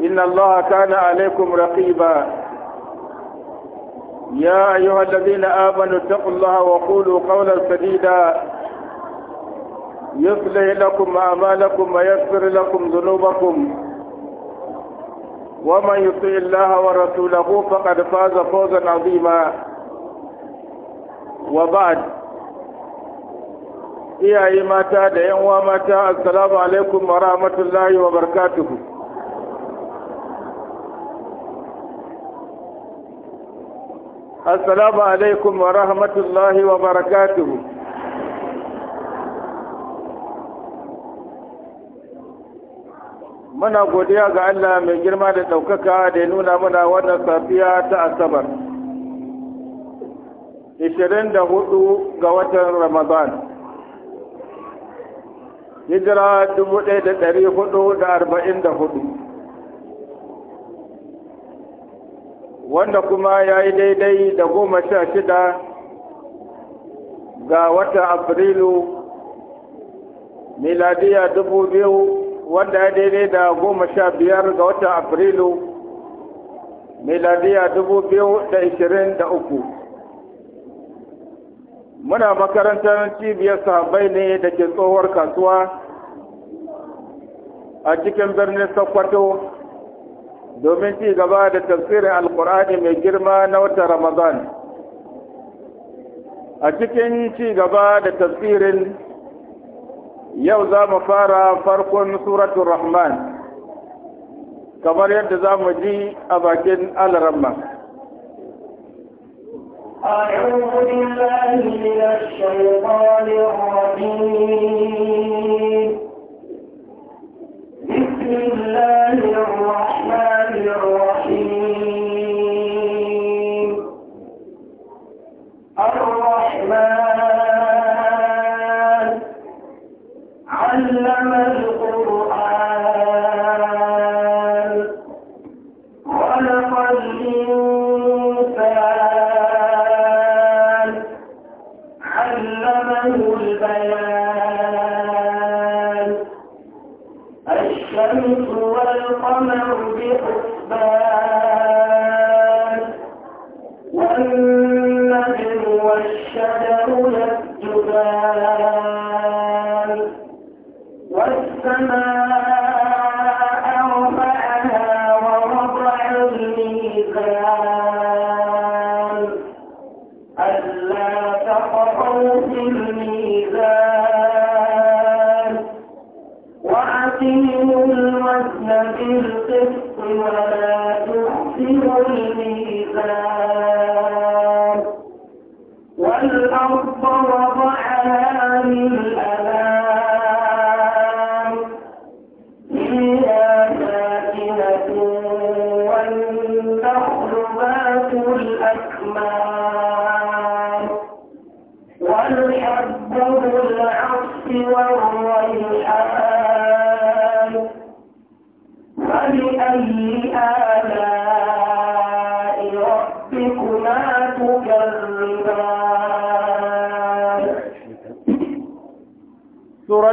إن الله كان عليكم رقيبا يا أيها الذين آمنوا اتقوا الله وقولوا قولا سديدا يصلح لكم أعمالكم ويغفر لكم ذنوبكم ومن يطع الله ورسوله فقد فاز فوزا عظيما وبعد iyaye إيماتا da 'yan uwa mata assalamu alaikum wa rahmatullahi السلام wa rahmatullahi wa barakatu. muna godiya ga Allah mai girma da ɗaukaka da ya nuna mana wannan safiya ta Asabar. 24 ga watan Ramadan. Hijira 1444 wanda kuma ya yi daidai da goma sha shida ga watan afrilu miladiya dubu biyu wanda ya daidai da goma sha biyar ga watan afrilu miladiya dubu biyu da ishirin da uku muna makarantar cibiyar sahabbai ne da ke tsohuwar kasuwa a cikin birnin sokoto domin ci gaba da tafsirin alkur'ani mai girma na wata ramadan a cikin ci gaba da tafsirin yau za mu fara farkon suratun rahman kamar yadda za mu ji a bakin alaramma أعوذ بالله من الشيطان الرجيم بسم الله الرحمن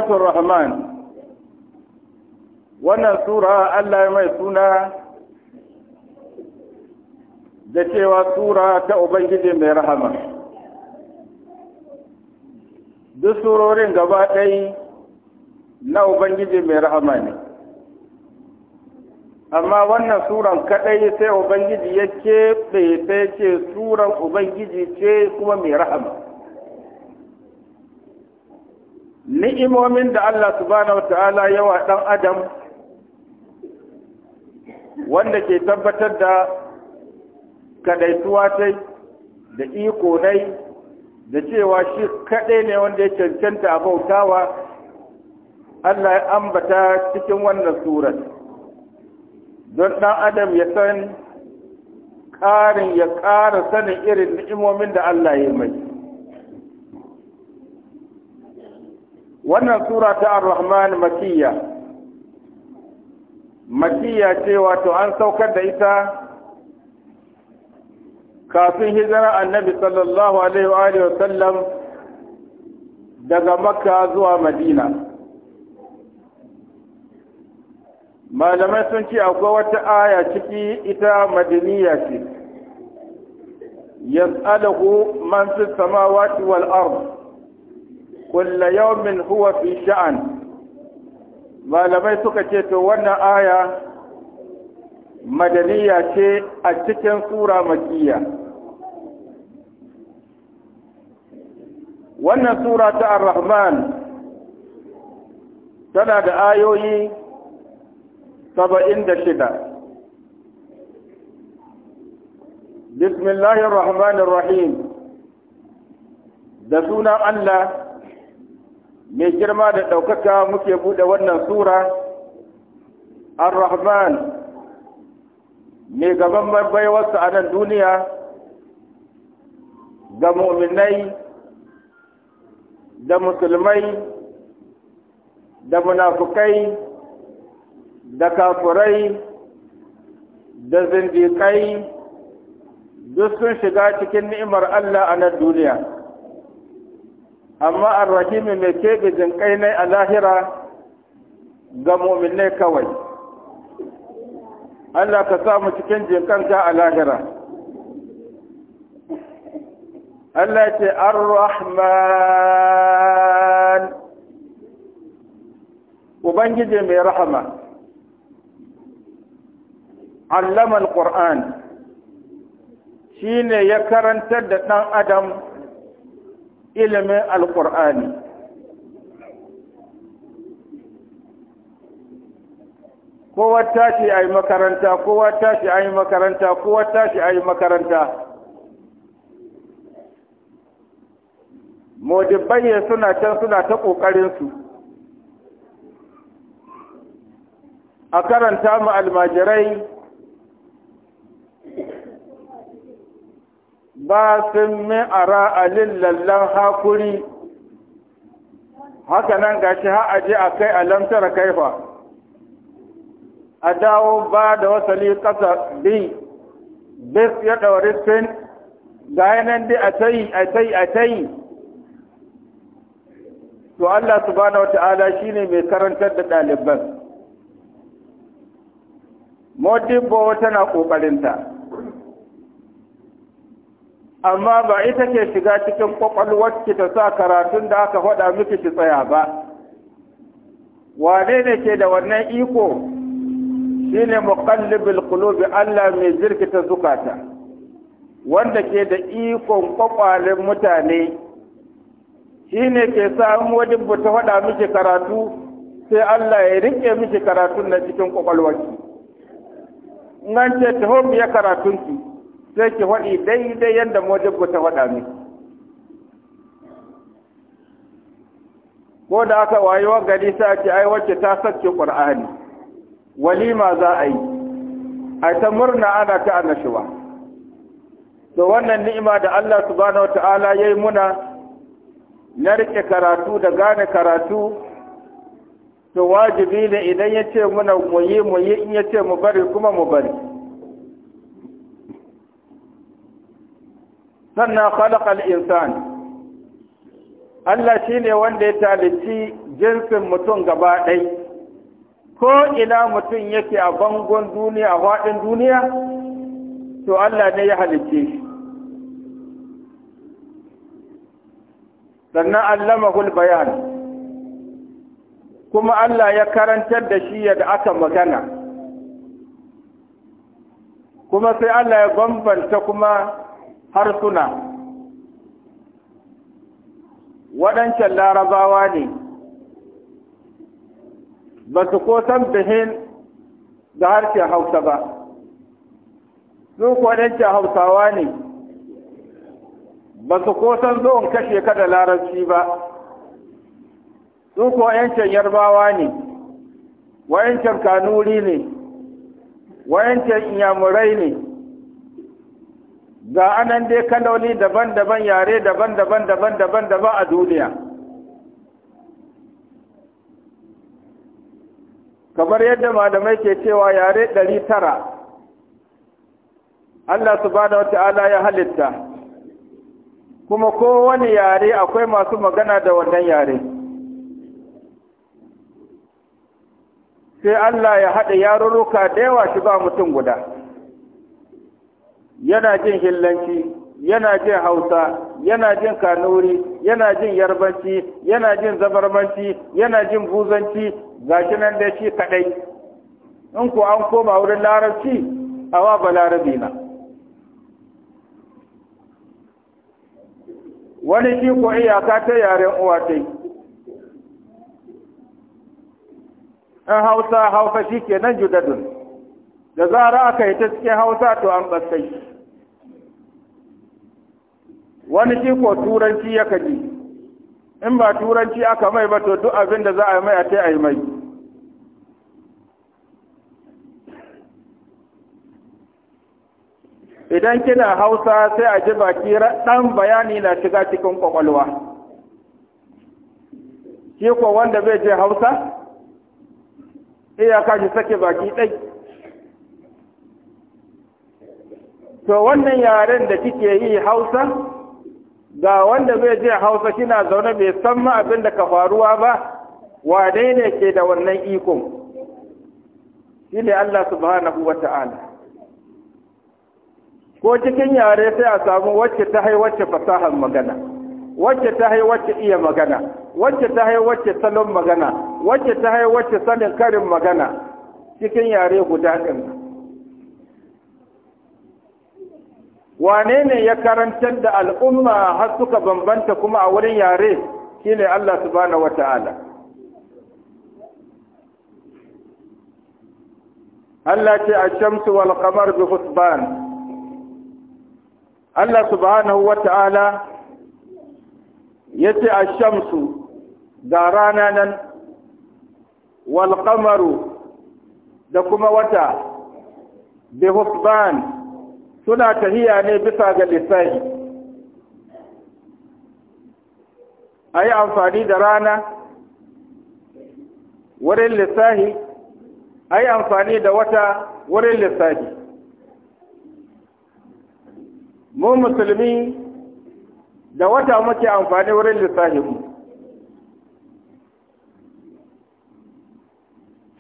suratul rahman wannan sura Allah mai suna da cewa sura ta Ubangiji mai rahama. Duk surorin gaba ɗai na Ubangiji mai rahama ne. Amma wannan suran kaɗai sai Ubangiji ya keɓe sai ce suran Ubangiji ce kuma mai rahama. ni'imomin da Allah subhanahu wata'ala yawa ɗan adam wanda ke tabbatar da kadaituwa tai da iko nai da cewa shi kaɗai ne wanda ya cancanta a bautawa Allah ya ambata cikin wannan surat, don ɗan adam ya san ƙarin ya ƙara sanin irin ni'imomin da Allah ya mai wannan sura ta ar-rahman makiyya makiyya ce wato an saukar da ita kafin hijira annabi sallallahu alaihi wa alihi wa sallam daga makka zuwa madina malamai sun ce akwai wata aya ciki ita madaniya ce yas'aluhu man fi samawati wal ardh kulla yawmin huwa fi sha'an malamai suka ce to wannan aya madaniya ce a cikin sura makiya wannan sura ta ar-rahman tana da ayoyi saba'in da shida bismillahir rahmanir rahim da sunan allah mai girma da ɗaukaka muke buɗe wannan sura ar-rahman mai gaban baiwarsa a nan duniya ga muminai da musulmai da munafukai da kafurai da zindikai duk sun shiga cikin ni'imar Allah a nan duniya amma arrahimi mai keɓe jinƙai ne a lahira ga mominne kawai Allah ka samu cikin jinƙanka a lahira Allah ce ar-rahman ubangiji mai rahama allama al-qur'an ne ya karantar da ɗan adam ilimin alƙur'ani kowa tashi a yi makaranta kowa tashi a yi makaranta kowa tashi a yi makaranta modibbaye suna can suna ta ƙoƙarinsu a karanta mu almajirai ba sun min ara alin lallan hakuri haka nan ga shi ha'aji a kai alamtar kaifa a dawo ba da wasali ƙasa bi bis ya ɗauri sin ga dai a tayi a tayi a tayi to Allah subhanahu shi ne mai karantar da ɗaliban modibo tana ƙoƙarinta amma ba ita ke shiga cikin kwakwalwarki ta sa karatun da aka faɗa miki ki tsaya ba wane ne ke da wannan iko shi ne muqallibul qulubi Allah mai jirkita zukata wanda ke da ikon kwakwalin mutane shi ne ke samu wajen ba ta faɗa miki karatu sai Allah ya riƙe miki karatun na cikin kwakwalwarki in ce ta ya karatunki sai ki faɗi daidai yadda mujibbu ta faɗa miki ko da aka wayewar gari sai ce ai wacce ta sake ƙur'ani. walima za a yi a ta murna ana ta annashuwa to wannan ni'ima da Allah subhanahu ya yayi muna na rike karatu da gane karatu to wajibi ne idan ya ce muna mu yi mu yi in ya ce mu bari kuma mu bari sannan al insan Allah shine wanda ya talici jinsin mutum gaba ɗai ko ina mutum yake a bangon duniya a faɗin duniya to Allah ne ya halicce shi sannan allamahul bayan kuma Allah ya karantar da shi yadda aka magana kuma sai Allah ya bambanta kuma harsuna waɗancan larabawa ne ba su ko san bihin da harshen hausa ba su waɗancan hausawa ne ba su ko san zuwan kashe ka da larabci ba su waɗancan yarbawa ne waɗancan kanuri ne waɗancan inyamurai ne ga anan dai kaloli daban-daban yare daban-daban daban-daban daban a duniya kamar yadda malamai ke cewa yare 900 tara Allah subhanahu wata'ala ya halitta kuma kowane yare akwai masu magana da wannan yare. sai Allah ya haɗa yarurruka da yawa shi ba mutum guda. yana jin hillanci yana jin hausa yana jin kanuri yana jin yarbanci yana jin zabarmanci yana jin buzanci gashi nan da shi kadai in ku an koma wurin larabci awa ba larabi na wani shi ko iyaka ta yaren uwa ta yi in hausa hausa shi ke nan judadun da zara aka yi ta cikin hausa to an basai wani shi ko turanci ya kaji in ba turanci aka mai ba to duk abin da za a yi mai a ta a yi mai idan kina hausa sai a ji baki ɗan bayani na shiga cikin kwakwalwa shi ko wanda bai je hausa iyaka shi sake baki ɗai to wannan yaren da kike yi hausa ga wanda bai je hausa kina zaune bai san ma abin da ka faruwa ba wane ne ke da wannan iko? shi ne Allah subhanahu wa ta'ala ko cikin yare sai a samu wacce ta hai wacce fasahar magana wacce ta hai wacce iya magana wacce ta hai wacce salon magana wacce ta hai wacce sanin karin magana cikin yare guda ɗin wane ne ya karantar da al'umma har suka bambanta kuma a wurin yare Shi ne, Allah subhanahu wata'ala Allah ce a shamsu wal kamar bi husban Allah subhanahu wata'ala ce a shamsu da rana nan wal kamaru, da kuma wata bi husban suna tahiya ne bisa ga lissahi a yi amfani da rana wurin lissahi a yi amfani da wata wurin lissahi mu musulmi da wata muke amfani wurin mu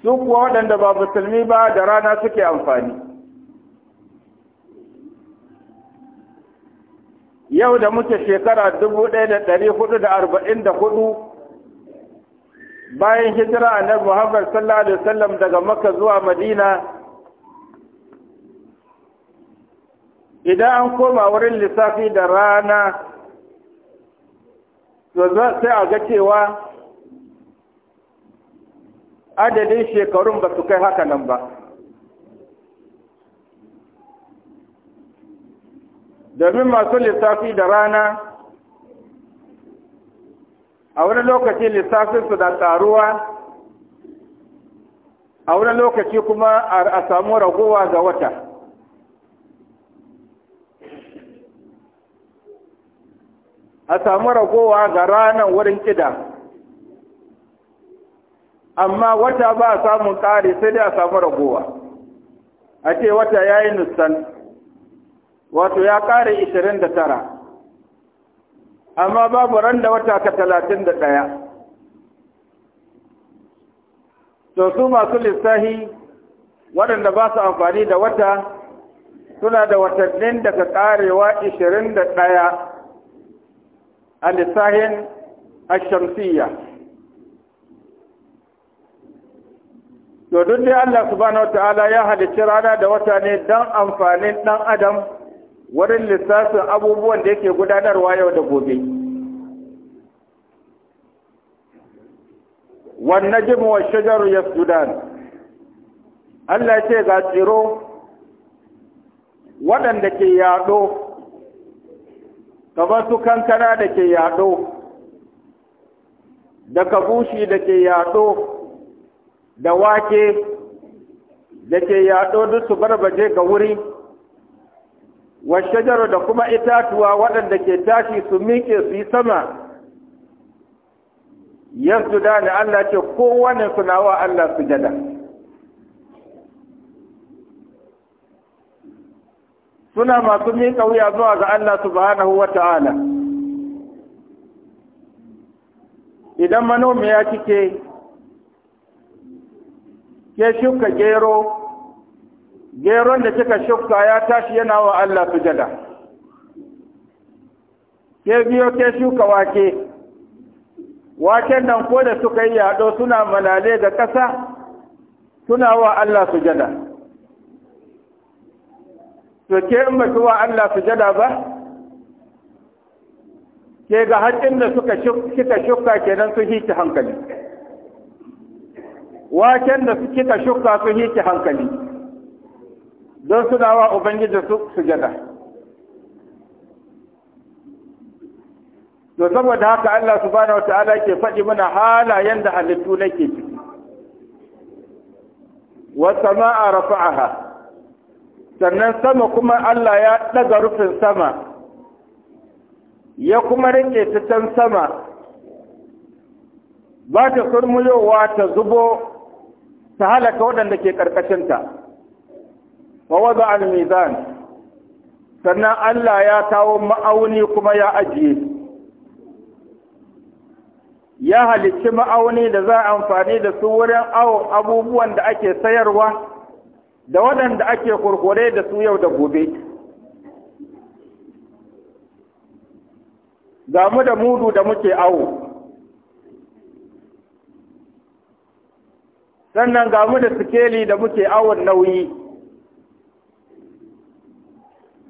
su kuwa waɗanda ba musulmi ba da rana suke amfani yau da muke shekara dubu ɗaya da da arba'in bayan hijira na Muhammad sallallahu alaihi wasallam daga Makka zuwa Madina idan an koma wurin lissafi da rana to sai a ga cewa adadin shekarun ba su kai haka nan ba domin masu lissafi da rana a wani lokaci lissafinsu da tsaruwa a wani lokaci kuma a samu ragowa ga wata a samu ragowa ga ranar wurin kida amma wata ba a samun ƙari sai dai a samu ragowa a ce wata ya yi nusan wato ya kare isirin da tara amma babu ran da wata ka talatin da ɗaya to su masu lissahi waɗanda ba su amfani da wata suna da watannin daga karewa isirin da ɗaya a lissahin ashamsiyya to duk dai Allah subhanahu wa ta'ala ya halicci rana da wata ne don amfanin ɗan adam wurin lissafin abubuwan da yake gudanarwa yau da gobe wannan jimu wa shajaru ya sudan allah ce ga tsiro waɗanda ke yaɗo kamar su kankana da ke yaɗo da kabushi da ke yaɗo da wake da ke yaɗo duk su barbaje ga wuri wa shajara da kuma itatuwa waɗanda ke tashi su miƙe su yi sama yanzu da Allah ce kowane suna wa Allah su jada suna masu miƙa wuya zuwa ga Allah subhanahu wa ta'ala idan manomi ya kike ke shuka gero geron da kika shukka ya tashi yana wa Allah sujada ke biyo ke shuka wake waken nan ko da suka yi yado suna malale ga ƙasa suna wa Allah sujada to ke in baki wa Allah sujada ba ke ga haƙin da suka kika shukka kenan su hiki hankali waken da kika shukka su hiki hankali don suna dawa ubangiji su sujada to saboda haka Allah subhanahu wataala ke faɗi mana halayen da halittu nake ciki wa sama'a rafa'aha sannan sama kuma Allah ya ɗaga rufin sama ya kuma rike ta can sama ba ta kurmuyowa ta zubo ta halaka waɗanda ke ƙarƙashinta. wa wada al-mizan sannan Allah ya kawo ma'auni kuma ya ajiye ya halicci ma'auni da za a amfani da su wurin awon abubuwan da ake sayarwa da waɗanda ake kurkure da su yau da gobe ga mu da mudu da muke awo sannan ga mu da sikeli da muke awon nauyi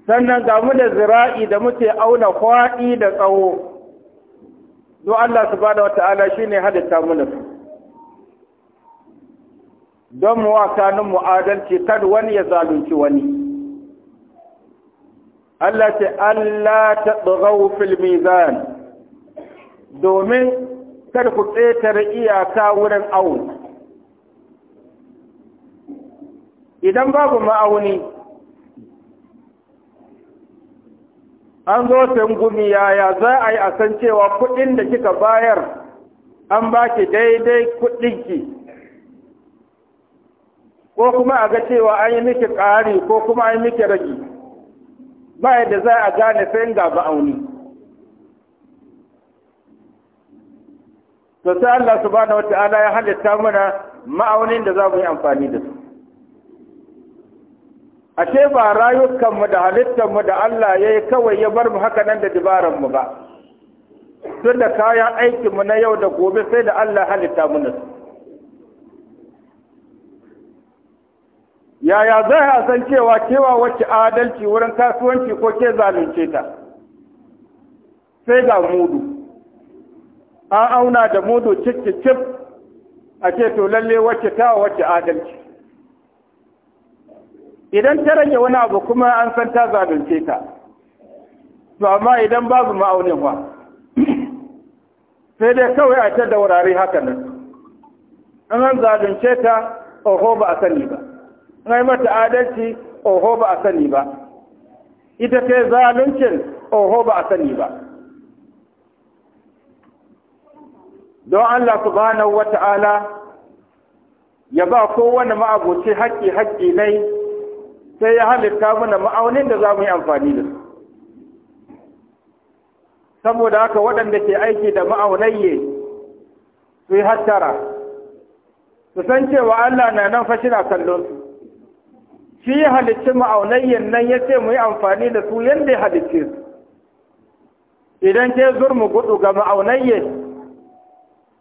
sannan ga mu da zira'i da muke auna kwaɗi da tsawo don Allah subhanahu wata'ala shine halitta mu su don mu wakanin mu adalci kar wani ya zalunci wani Allah ce Allah ta tsogau fil mizan domin kar ku tsetare iyaka wurin awu idan babu ma'auni an zo tangumi yaya za a yi a san cewa kuɗin da kika bayar an ba ki daidai kuɗinki ko kuma a ga cewa an yi miki ƙari ko kuma an yi miki ragi ba yadda za a gane sai ga ba'auni to sai Allah subhanahu wata'ala ya halitta mana ma'aunin da za mu yi amfani da su ashe ba rayukanmu da halittarmu da Allah ya yi kawai ya bar mu haka nan da mu ba tun da kayan aikinmu na yau da gobe sai da Allah halitta mu su yaya zai a san cewa kewa wacce adalci wurin kasuwanci ko ke zalunce ta sai ga mudu an auna da mudu cif a ce to lalle wacce ta wacce adalci idan ta rage wani abu kuma an san ta zalunce ta to amma idan babu ma'aunin wa sai dai kawai a ta wurare haka nan an an zalunce ta oho ba a sani ba an mata adalci oho ba a sani ba ita sai zaluncin oho ba a sani ba don Allah subhanahu wata'ala ya ba kowane ma'abuci haƙƙi haƙƙi ne sai ya halitta mana ma'aunin da za mu yi amfani da su saboda haka waɗanda ke aiki da ma'aunayye su yi hattara su san cewa Allah na nan fashi na kallon su shi ya halicci ma'aunayyen nan ya ce mu yi amfani da su yadda ya halicce su idan ke zurmu gudu ga ma'aunayye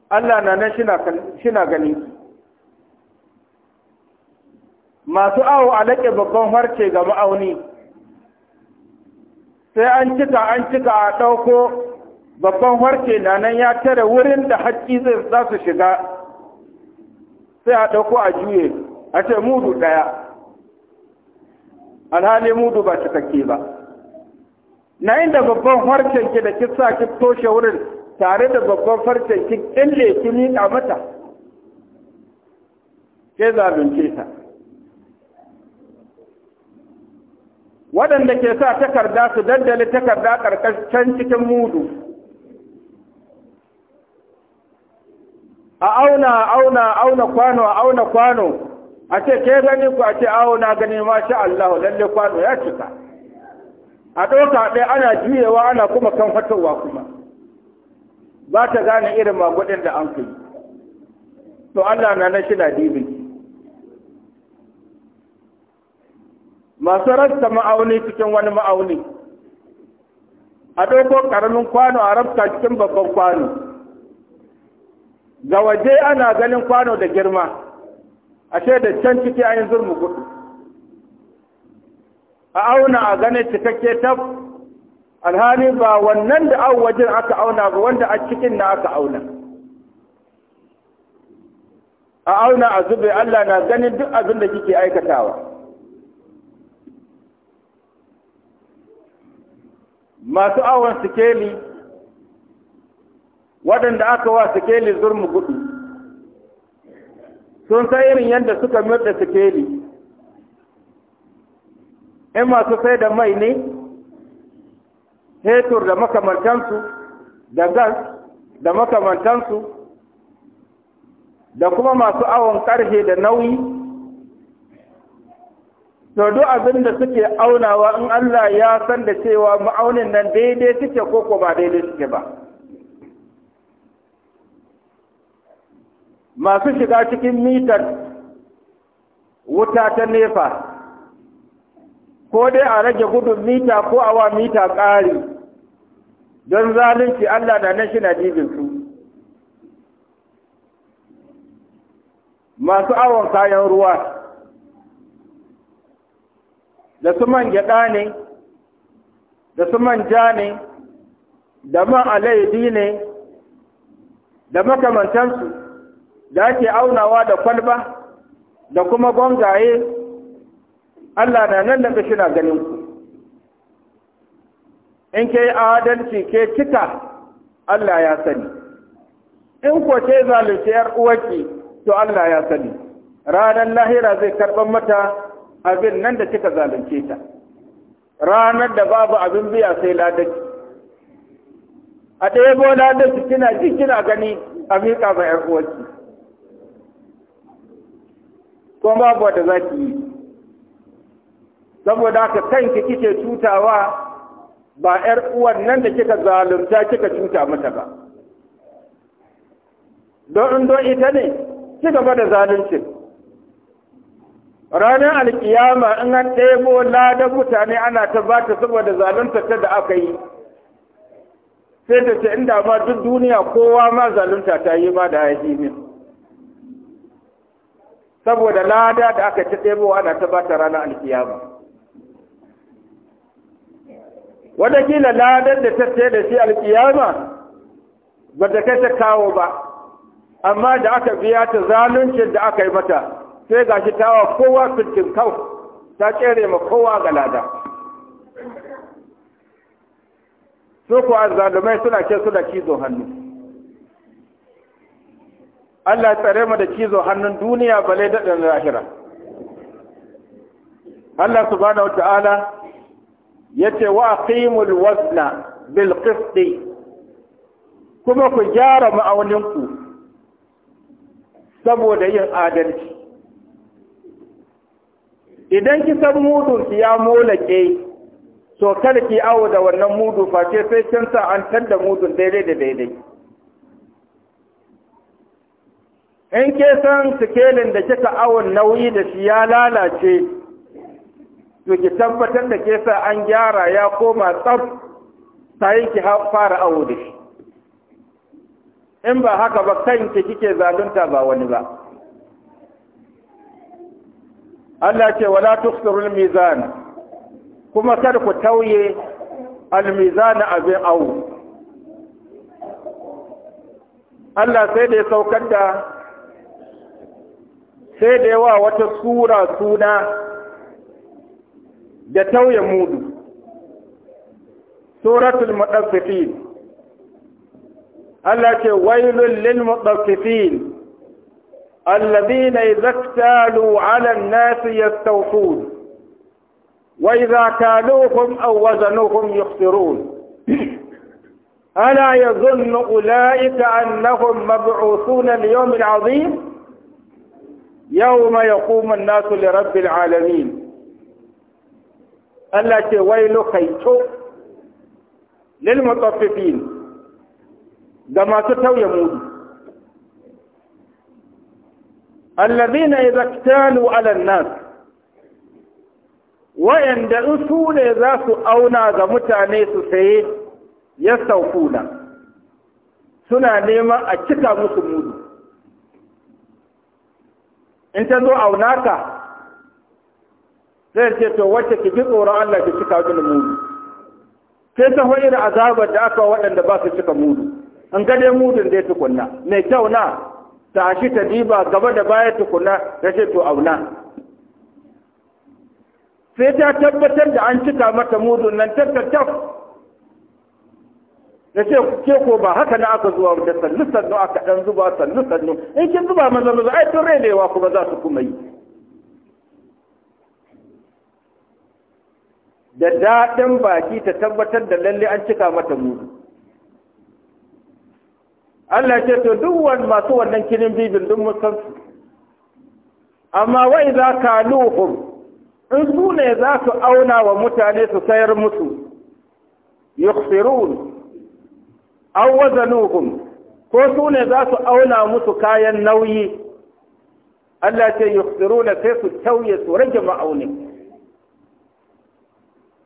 Allah na nan shi na gani masu awo a laƙe babban harce ga ma'auni sai an cika an cika a ɗauko babban harce na nan ya tare wurin da haƙƙi zai za su shiga sai a ɗauko a juye a ce mudu ɗaya alhali mudu ba shi cikakke ba na inda babban harcen ki da kisa ki toshe wurin tare da babban farcen ki ƙille ki miƙa mata ke zalunce ta waɗanda ke sa takarda su daddale takarda ƙarƙashin cikin mudu a auna auna auna kwano a auna kwano a ce ke gani ku a ce auna gani masha Allah lalle kwano ya cika a ɗauka ɗaya ana juyewa ana kuma kan fatowa kuma ba ta gane irin magudin da an fi to Allah na na shida dibin masu rasta ma'auni cikin wani ma'auni a ɗauko ƙaramin kwano a rafta cikin babban kwano ga waje ana ganin kwano da girma ce da can ciki an yi zurmu gudu a auna a ganin cikakke tab alhali ba wannan da au wajen aka auna ba wanda a cikin na aka auna a auna a zube Allah na ganin duk abin da kike aikatawa masu awon sikeli waɗanda aka wa sikeli zurmu gudu sun san irin yadda suka murɗa sikeli in masu sai da mai ne hetur da makamantansu da gas da makamantansu da kuma masu awon ƙarfe da nauyi to duk abin da suke aunawa in Allah ya san da cewa ma'aunin nan daidai suke ko ko ba daidai suke ba masu shiga cikin mitar wuta ta nefa ko dai a rage gudun mita ko a wa mita ƙari don zalunci Allah na nan shi na su masu awon kayan ruwa da su man gyaɗa ne da su man ja ne da man alaidi ne da makamantansu da ake aunawa da kwalba da kuma gwangaye, Allah na nan da shi na ganin ku in ke adalci ke cika Allah ya sani in ko ce zalunci yar uwarki to Allah ya sani ranar lahira zai karɓar mata abin nan da kika zalunce ta ranar da babu abin biya sai ladaci a ɗaya bo ladaci kina ji kina gani a miƙa ba ƴar uwarki ko babu wata za ki yi saboda haka kanki kike cutawa ba ƴar uwar nan da kika zalunta kika cuta mata ba don in don ita ne kika gaba da zaluncin ranar alkiyama in an ɗebo ladan mutane ana ta ba ta saboda zalunta ta da aka yi sai ta ce inda ma duk duniya kowa ma zalunta ta yi ma da haihi min saboda lada da aka ta ɗebo ana ta ba ta ranar alkiyama kila ladan da ta ce da shi alkiyama ba ta kai ta kawo ba amma da aka biya ta zaluncin da aka yi mata sai ga shi tawa kowa fitin kau ta kere ma kowa ga lada su ku suna ke suna cizo hannu Allah ya tsare mu da cizo hannun duniya bale daɗin lahira Allah subhanahu Ta'ala ya ce wa aqimul wazna bil qisti kuma ku gyara ma'auninku saboda yin adalci idan ki san mudun ki ya molake to kada ki awo da wannan mudu face sai kin sa an tanda mudun daidai da daidai in ke san sikelin da kika awon nauyi da shi ya lalace to ki tabbatar da ke sa an gyara ya koma tsaf sai ki fara awo da shi in ba haka ba kanki kike zalunta ba wani ba Allah ce wala tuksirul mizan kuma kada ku tauye almizan abin awu Allah sai da ya saukar da sai da yawa wata sura suna da tauye mudu suratul mudaffifin Allah ce wailul lil mudaffifin الذين إذا اكتالوا على الناس يستوفون وإذا كالوهم أو وزنوهم يخسرون ألا يظن أولئك أنهم مبعوثون ليوم العظيم يوم يقوم الناس لرب العالمين ألا ce خيتو للمطففين lil يموت allazina idza iktalu ala nas wayanda in su ne za su auna ga mutane su saye ya saukuna suna neman a cika musu mudu in ta zo auna ka zai ce to wacce ki ji tsoron Allah ki cika mini mudu sai ta hoyi azabar da aka waɗanda ba su cika mudu in ga dai mudun dai tukunna mai kyau na tashi ta diba gaba da baya tukuna ta ce to auna sai ta tabbatar da an cika mata mudun nan tattaf da ce ke ko ba haka na aka zuwa da sannu sannu aka ɗan zuba sannu sannu in kin zuba maza maza ai tun renewa kuma za su kuma yi da daɗin baki ta tabbatar da lalle an cika mata mudu Allah ce to duk wani masu wannan kirin bibin duk musan amma wai za ka luhum in su ne za su auna wa mutane su sayar musu an aw wazanuhum ko su ne za su auna musu kayan nauyi Allah ce na sai su tauye su rage ma'aunin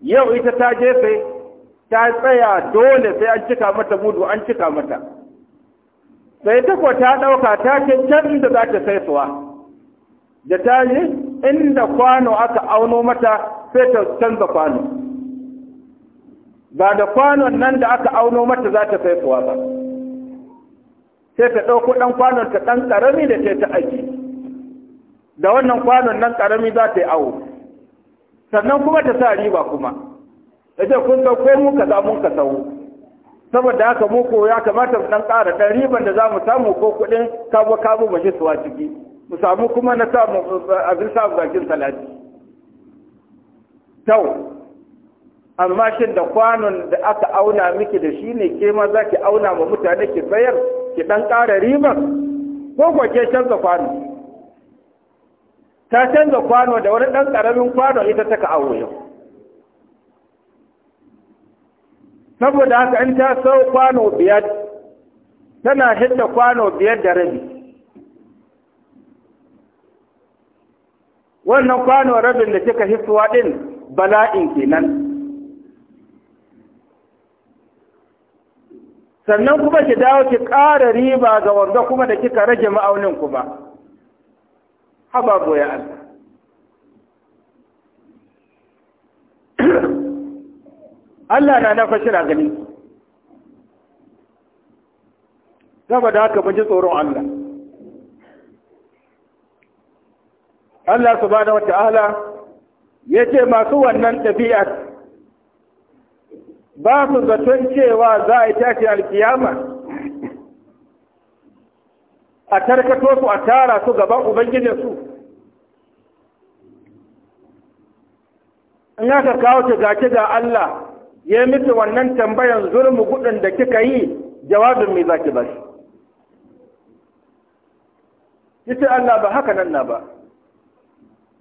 yau ita ta jefe ta tsaya dole sai an cika mata mudu an cika mata sai ta ko ta ɗauka ta ce can inda za ta sai suwa da ta yi inda kwano aka auno mata sai ta canza kwano ba da kwanon nan da aka auno mata za ta sai suwa ba sai ta ɗauko ɗan kwanon ta ɗan ƙarami da ta ta da wannan kwanon nan ƙarami za ta yi awo sannan kuma ta sa riba kuma ta ce kun ga ko mun ka za mun ka sau saboda haka mu ko ya kamata mu dan ƙara dan riban da zamu samu ko kuɗin kabo kabo mu ji suwa ciki mu samu kuma na samu abin samu bakin salati tau amma shin da kwanon da aka auna miki da shi ne ke ma za ki auna ma mutane ki bayar ki dan ƙara riban ko ko ke canza kwano ta canza kwano da wani dan ƙaramin kwano ita ta ka aure yau saboda haka in ta sau kwano biyar tana hidda kwano biyar da rabi wannan kwano rabin da kika hisuwa din bala'in kenan sannan kuma ki dawo ki ƙara riba ga wanda kuma da kika rage ma'aunin kuma haba goya Allah Allah na na shi na gani saboda haka mu ji tsoron Allah Allah subhanahu Ala ya ce masu wannan tafiyar ba su zaton cewa za a yi tashi alkiyama a tarkato su a tara su gaban ubangijinsu in aka kawo ta ga Allah ya miki wannan tambayan zulmu gudun da kika yi jawabin mai zaki ba shi yace Allah ba haka nan na ba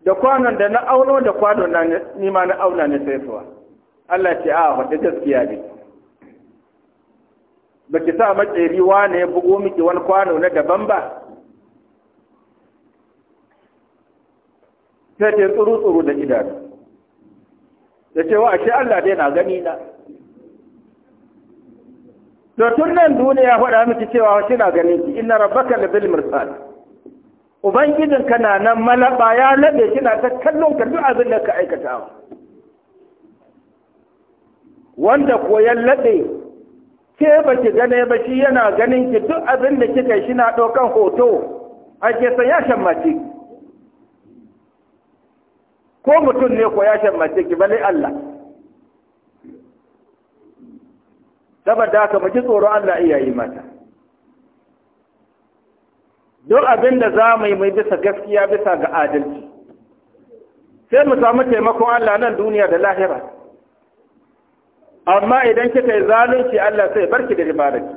da kwanon da na auno da kwano na nima na auna ne sai Allah ce a ah, wata gaskiya ne baki sa makeri wane ya bugo miki wani kwano na daban ba sai ce tsuru tsuru da idanu Da cewa ashe Allah dai na gani na to tun nan duniya faɗa miki cewa shi na ganin ki inna rabbaka labil mirsal ubangijin ka na nan malaba ya labe kina ta kallon ka duk abin da ka aikata wanda ko ya labe ke ba ki gane ba shi yana ganin ki duk abin da kika shi na ɗaukan hoto ake san ya shammaci ko mutum ne ko ya shammace ki bale Allah saboda haka mu ji Allah iyaye mata duk abin da za mu yi mai bisa gaskiya bisa ga adalci sai mu samu taimakon Allah nan duniya da lahira amma idan kika yi zalunci Allah sai barki da ribaraki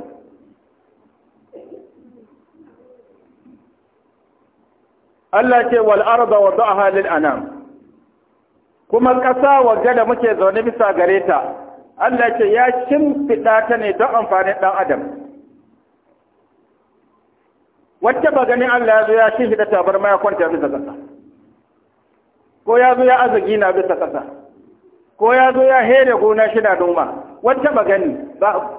Allah ce wal arda da'aha lil anam kuma ƙasa waje da muke zaune bisa gare ta Allah ce ya shimfiɗa ta ne don amfanin ɗan adam wacce ba gani Allah ya zo ya shimfiɗa tabar ma ya kwanta bisa ƙasa ko ya zo ya azagi na bisa ƙasa ko ya zo ya hera gona shi na noma wacce ba gani ba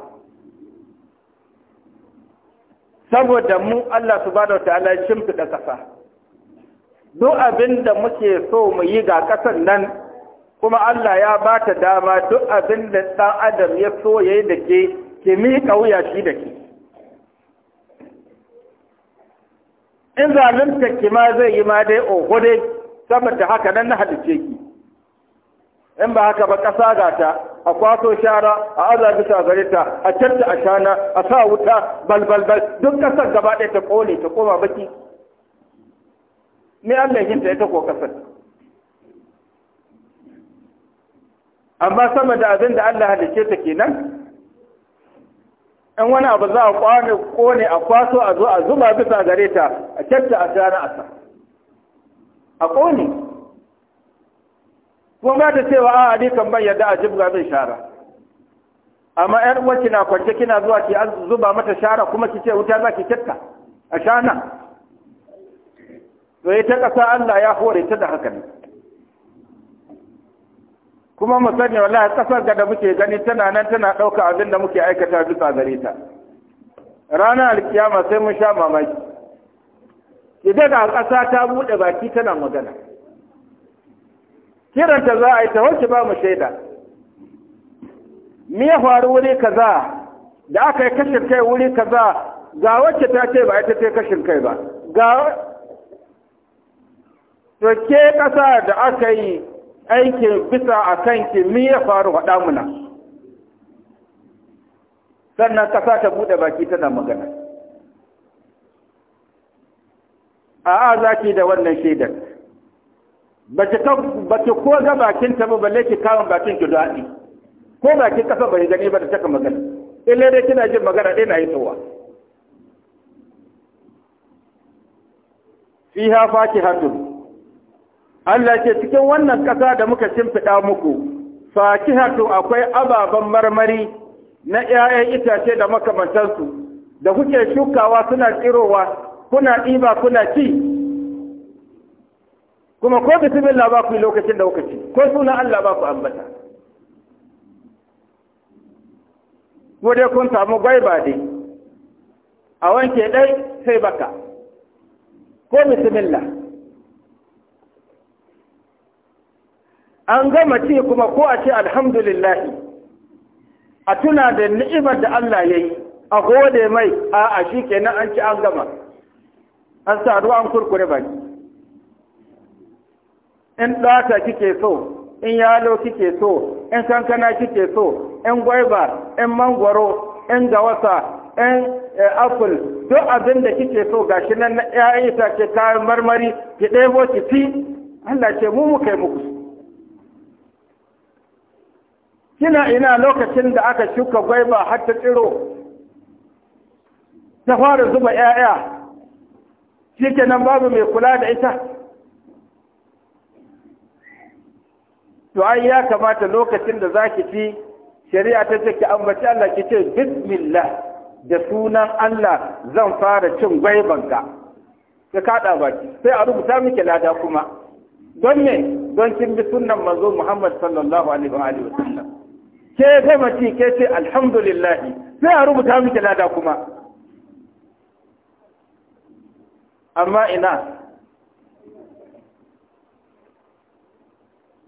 saboda mu Allah subhanahu wata ta'ala ya shimfiɗa ƙasa duk abin da muke so mu yi ga ƙasar nan kuma Allah ya ba ta dama duk abin da ɗan adam ya so yayi da ke ke miƙa wuya shi da ke in zalunta ki ma zai yi ma dai oho dai saboda haka nan na halice ki in ba haka ba ƙasa ga ta a kwaso shara a azabisa bisa gare a canta a shana a sa wuta balbalbal duk ƙasar gaba ɗaya ta ƙone ta koma baki ne Allah yin ta ita ko kasar amma sama da abin da Allah halice ta kenan in wani abu za a kwane kone a kwaso a zo a zuba bisa gare ta a kyakta a tana a sa a kone kuma ba ta cewa a ali kan ban yadda a jibga mai shara amma yar uwa kina kwance kina zuwa ki zuba mata shara kuma ki ce wuta za ki kyakta a shana to ita ƙasa Allah ya hore ta da haka ne kuma mu sani wallahi ƙasar ga da muke gani tana nan tana ɗauka abin da muke aikata bisa gare ta ranar alkiyama sai mun sha mamaki idan da ƙasa ta buɗe baki tana magana kiranta za a yi ta wacce ba mu shaida me ya faru wuri kaza da aka yi kashin kai wuri kaza ga wacce ta ce ba ita ce kashin kai ba ga to ke ƙasa da aka yi aikin bisa a kanki mi ya faru a muna sannan ƙasa ta buɗe baki tana magana a'a za ki da wannan shaidar ba ki ko ga bakinta ba balle ki kama bakin ki daɗi ko bakin ƙasa bai gani ba da taka magana ilai dai kina jin magana ɗaya na yi tsawa fiha hatu Allah ce cikin wannan ƙasa da muka shimfiɗa muku fakihatu akwai ababen marmari na ‘ya'yan itace da makamantansu da kuke shukawa suna tsirowa kuna ɗiba kuna ci kuma ko bisimillah ba ku lokacin da kuka ci ko suna Allah ba ku ambata ko dai kun samu gwaiba dai a wanke ɗai sai baka ko bisimillah. an gama ce kuma ko a ce alhamdulillahi a tuna da ni'imar da Allah ya yi a gode mai a a shi kenan an ci an gama an sa an kurkure baki in ɗata kike so in yalo kike so in kankana kike so in gwaiba in mangoro, in gawasa in eh, apple duk abin da kike so gashi nan na 'ya'yan ta ta marmari ki ɗebo ki fi Allah ce mu mu kai muku kina ina lokacin da aka shuka gwaiba har ta tsiro ta fara zuba 'ya'ya shi kenan babu mai kula da ita to ai ya kamata lokacin da za ki fi shari'a ta ce ki ambaci Allah ki ce bismillah da sunan Allah zan fara cin gwaibanka ka kada baki sai a rubuta miki lada kuma don me don kin bi sunnan manzo Muhammad sallallahu alaihi wa sallam. ke sai mace ke ce alhamdulillah sai a rubuta miki lada kuma amma ina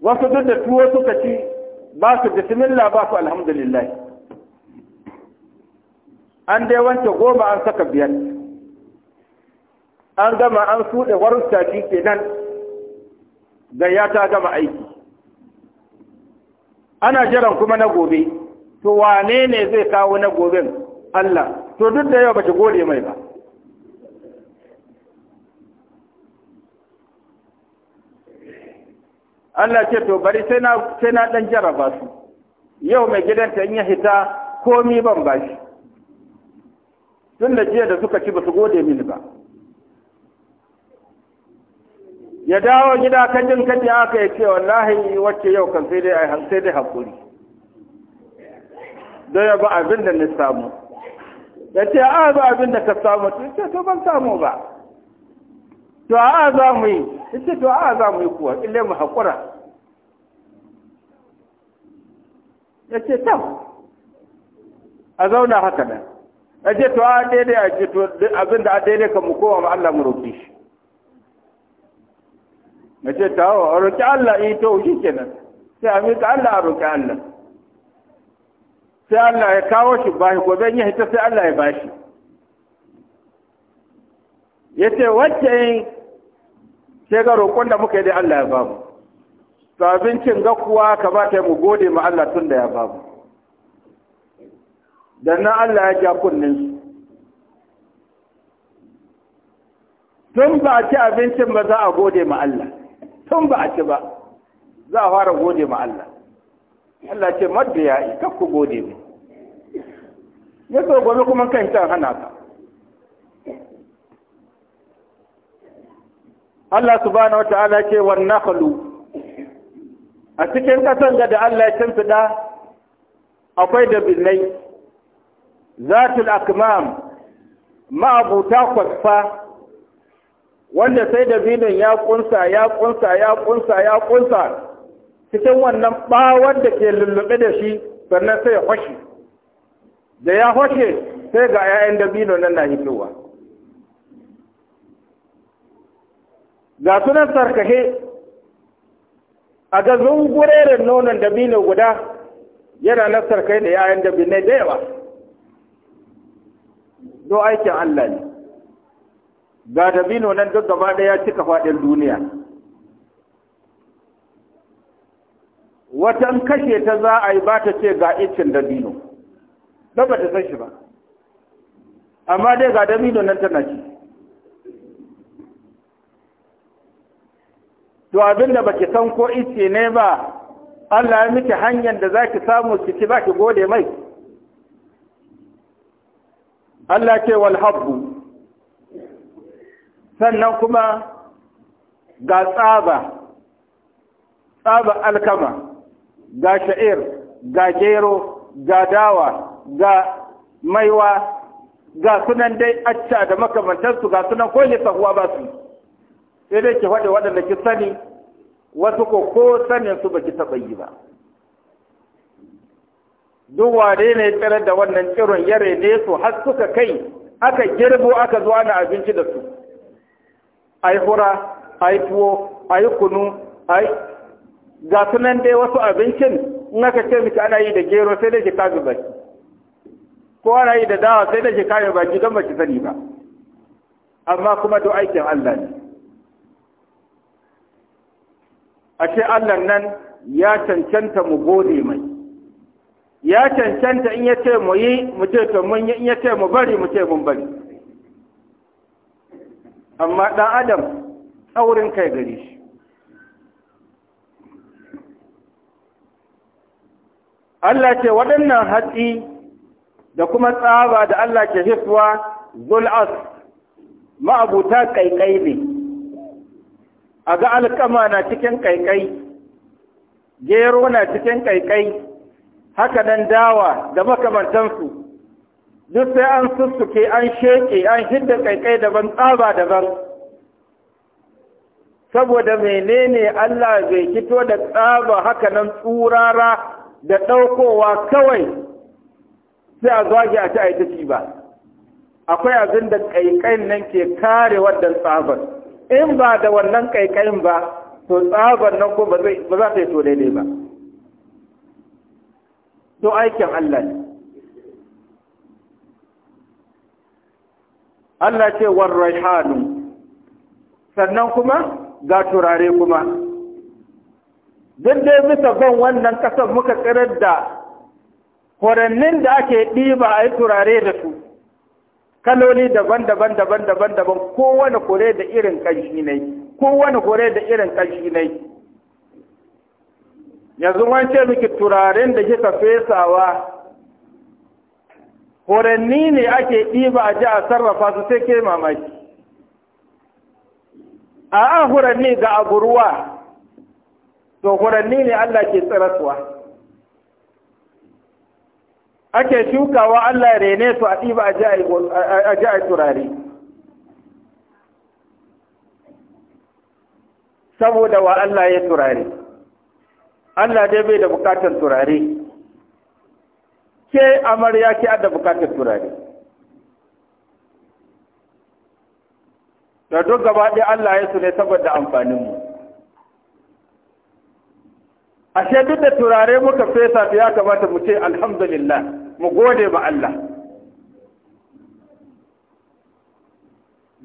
wasu duk da tuwo suka ci ba su bismillah ba su alhamdulillah an dai wanke goma an saka biyar an gama an suɗe warin nan kenan ya ta gama aiki ana jiran kuma na gobe to wane ne zai kawo na goben Allah to duk da yau ba ki gode mai ba Allah ce to bari sai na sai na dan jaraba su yau mai gidanta in ya hita komi ban bashi tun da jiya da suka ci ba su gode mini ba ya dawo gida ka jin kaji aka ya ce wallahi wacce yau kan sai dai ai sai dai hakuri don ya ba abin da na samu ya ce a ba abin da ka samu tun ce to ban samu ba to a za mu yi tun ce to a za mu yi kuwa ille mu haƙura. ya ce tam a zauna haka nan ya ce to a daidai a ce to abin da a daidai kan mu kowa ma Allah mu roƙe shi na ce wa a roƙi Allah yi eh, to shi kenan sai a miƙa Allah a roƙi Allah sai Allah ya kawo shi ba shi gobe yi hita sai Allah ya bashi ya ce wacce yin sai ga roƙon da muka yi dai Allah ya mu to abincin ga kuwa kamata mu gode ma Allah tun da ya mu da nan Allah ya ja su tun ba ci abincin ba za a gode ma Allah tun ba a ci ba za a fara gode ma Allah Allah ce madda ya yi kaf ku gode mu ya so gobe kuma kan can hana ka Allah subhanahu ala ce wan nakhlu a cikin kasan da Allah ya tantada akwai da binnai zatul akmam ma'abuta kwasfa wanda sai da binin ya kunsa ya kunsa ya kunsa ya kunsa cikin wannan bawon da ke lullube da shi sannan sai ya hwashe da ya hwashe sai ga 'ya'yan dabino nan na hitowa ga sunan sarkahe a ga zungurerin nonon dabino guda yana na sarkahe da 'ya'yan dabino da yawa do aikin Allah ne ga dabino nan duk gaba ɗaya cika faɗin duniya watan kashe ta za a yi ba ta ce ga icin dabino don ba ta san shi ba amma dai ga dabino nan tana ci to abinda ba ki san ko ice ne ba Allah ya miki hanyar da za ki samu ki ba ki gode mai Allah ce wal habbu sannan kuma ga tsaba tsaba alkama ga sha'ir ga gero ga dawa ga maiwa ga sunan dai acca da makamantarsu ga sunan ko ne sahuwa ba su sai dai ki faɗi waɗanda ki sani wasu ko ko sanin su baki taɓa yi ba duk wane ne tsirar da wannan tsiron yare ne su har suka kai aka girbo aka zo ana abinci da su ai hura ai tuwo ai kunu ai yi ga sunan dai wasu abincin in aka ce miki ana yi da gero sai da ki kaji baki ko ana yi da dawa sai da ki kaji baki don baki sani ba amma kuma to aikin Allah ne ashe Allah nan ya cancanta mu gode mai ya cancanta in ya ce mu yi mu ce to mun yi in ya ce mu bari mu ce mun bari amma ɗan adam tsaurin kai gare shi Allah ce waɗannan hatsi da kuma tsaba da Allah ke hifwa zul'as ma'abuta kaikai ne a ga alkama na cikin kaikai gero na cikin ƙaiƙai, haka nan dawa da makamantansu duk sai an sussuke an sheke an hidda kaikai daban tsaba daban saboda menene Allah zai fito da tsaba haka nan tsurara da ɗaukowa kawai sai a zage a ci a ci ba akwai abin da ƙaiƙayin nan ke kare wannan tsabar in ba da wannan ƙaiƙayin ba to tsabar nan ko ba za ta yi to daidai ba to aikin Allah ne Allah ce war raihanu sannan kuma ga turare kuma duk dai bisa ban wannan kasar muka tsirar da horannin da ake ɗiba a yi turare da su kaloli daban-daban daban-daban daban kowane kore da irin kanshi ne kowane kore da irin kanshi ne yanzu wance miki turaren da kika fesawa horanni ne ake ɗiba a ji a sarrafa su sai ke mamaki a a horanni ga aburuwa to horanni ne Allah ke tsirasuwa ake shukawa Allah ya rene su a ɗiba a ji a turare saboda wa Allah ya turare Allah dai bai da bukatar turare ke amarya ke adda bukatar turare da duk gaba ɗaya Allah ya su ne saboda amfaninmu ashe duk da turare muka fesa ya kamata mu ce alhamdulillah mu gode ba Allah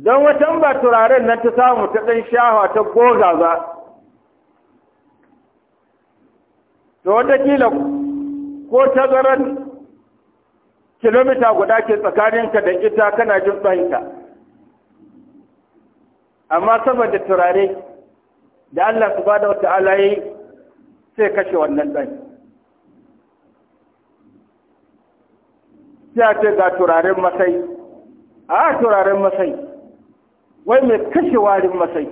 don watan ba turaren nan ta samu ta ɗan shahwa ta goga ba to kila ko ta zarar kilomita guda ke tsakaninka da ita kana jin tsayinta amma saboda turare da Allah subhanahu wata'ala yi sai kashe wannan ɗan sai a ce ga turaren masai a turaren masai wai mai kashe warin masai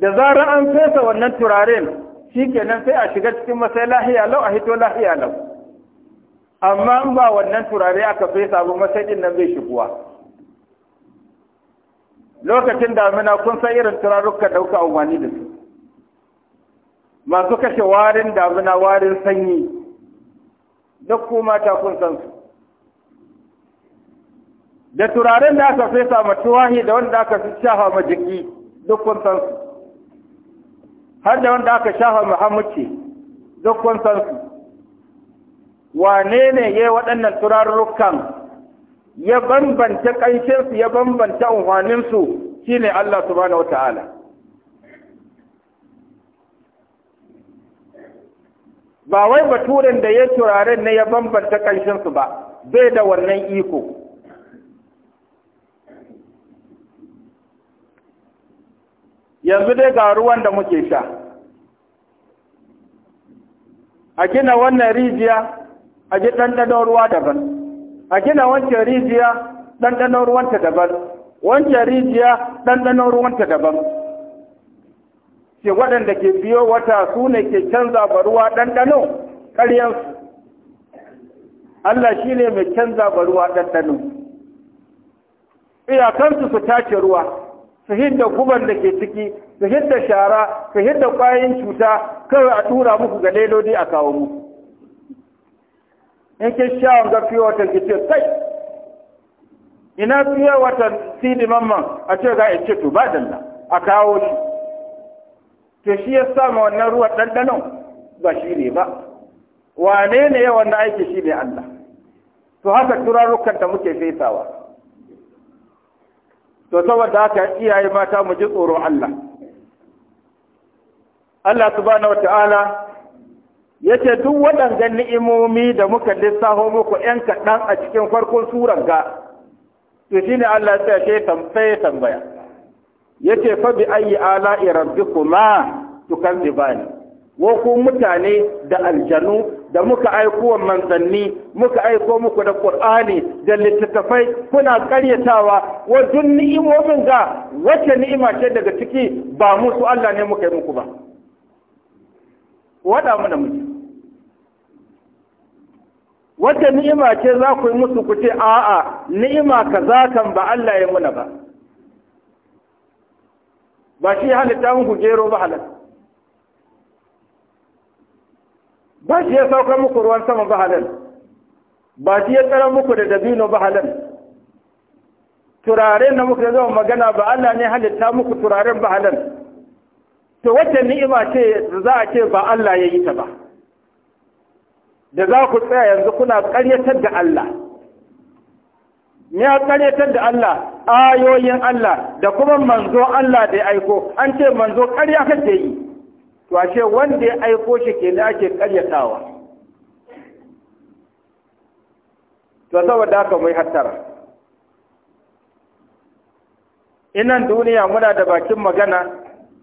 da zarar an fesa wannan turaren shi kenan sai a shiga cikin masai lahiya lau a hito lahiya lau amma in ba wannan turare aka fesa ba masakin nan zai shigowa lokacin damina kun san irin turaruka ɗauka umarni da su masu kashe warin damina warin sanyi duk kuma ta kun san su da turaren da aka fesa ma tuwahi da wanda aka shafa ma jiki duk kun san su har da wanda aka shafa ma hamuci duk kun san su wane ne ya yi waɗannan turarrukan ya bambanta ƙanshinsu ya bambanta umarninsu shi ne Allah subhanahu wata'ala ba wai baturen da ya turaren ne ya bambanta ƙanshinsu ba bai da wannan iko yanzu dai ga ruwan da muke sha a gina wannan rijiya a ji ɗanɗanon ruwa daban a gina wancan rijiya ɗanɗanon ruwanta daban wancan rijiya ɗanɗanon ruwanta daban Ke waɗanda ke biyo wata su ne ke canza ba ruwa ɗanɗano ƙaryansu Allah shi ne mai canza ba ruwa ɗanɗano iyakansu su tace ruwa su hidda guban da ke ciki su hidda shara su hidda ƙwayoyin cuta kawai a tura muku ga lelodi a kawo muku in ke sha ga fiye wata ke ce kai ina fiye wata sidi mamman a ce za a ce to ba dalla a kawo shi to shi ya samu wannan ruwan ɗanɗanon ba shi ne ba wane ne ya wannan aiki shi ne Allah to haka turarukan da muke fesawa to saboda haka iyaye mata mu ji tsoron Allah Allah subhanahu wata'ala yace duk waɗannan ni'imomi da muka lissafo muku ‘yan kaɗan a cikin farkon suran ga to shine Allah ya ce sai tambaya yace fa bi ayi ala rabbikuma tukadzibani wa ku mutane da aljanu da muka aiko wa manzanni muka aiko muku da qur'ani da littattafai kuna karyatawa wa duk ni'imomin ga wace ni'ima ce daga ciki ba musu Allah ne muka yi muku ba wada da muke wata ni'ima ce za ku yi musu ku ce a'a ni'ima kaza kan ba Allah ya muna ba ba shi halitta muku gero ba halal ba shi ya sauka muku ruwan sama ba halal ba shi ya tsara muku da dabino ba halal turaren na muku da zama magana ba Allah ne halitta muku turaren ba halal to wata ni'ima ce za a ce ba Allah ya yi ta ba da za ku tsaya yanzu kuna ƙaryatar da Allah ya ƙaryatar da Allah ayoyin Allah da kuma manzo Allah da ya aiko an ce manzo ƙarya kake yi to ashe wanda ya aiko shi ke da ake ƙaryatawa to saboda haka mai hattara inan duniya muna da bakin magana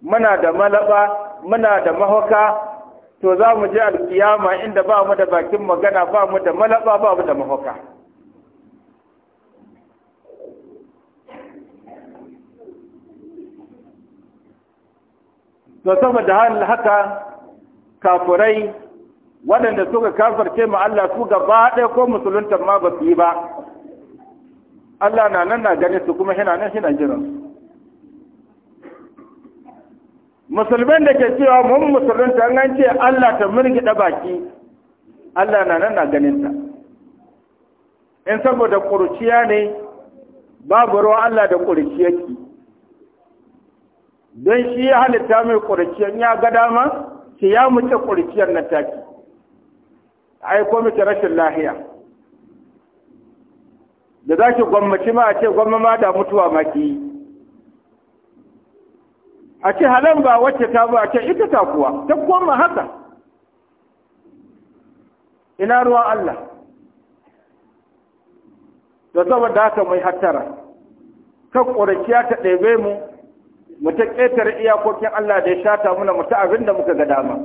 muna da malaba muna da mahauka to za mu je alkiyama inda ba mu da bakin magana ba mu da malaba ba mu da mahauka to saboda haka kafurai waɗanda suka kafarce ma Allah su gaba ɗaya ko musulunta ma ba su yi ba Allah na nan na gane su kuma hina nan hina jiran su Musulmin da ke cewa mun musulunta an ce Allah ta murgida baki Allah na nan na ganin ta, in saboda kurciya ne babu ruwa Allah da ki don shi ya halitta mai kurciya ya ga dama ki ya muke kurciyar na taki ai ko ta rashin lahiya da za ki gwammaci ma a ce gwamma ma da mutuwa ma ki yi a ce halan ba wacce ta ba a ce ita ta kuwa ta koma haka ina ruwa Allah da saboda haka mai hattara kan ƙorakiya ta ɗebe mu mu ta ƙetare iyakokin Allah da ya shata muna mu ta abin da muka ga dama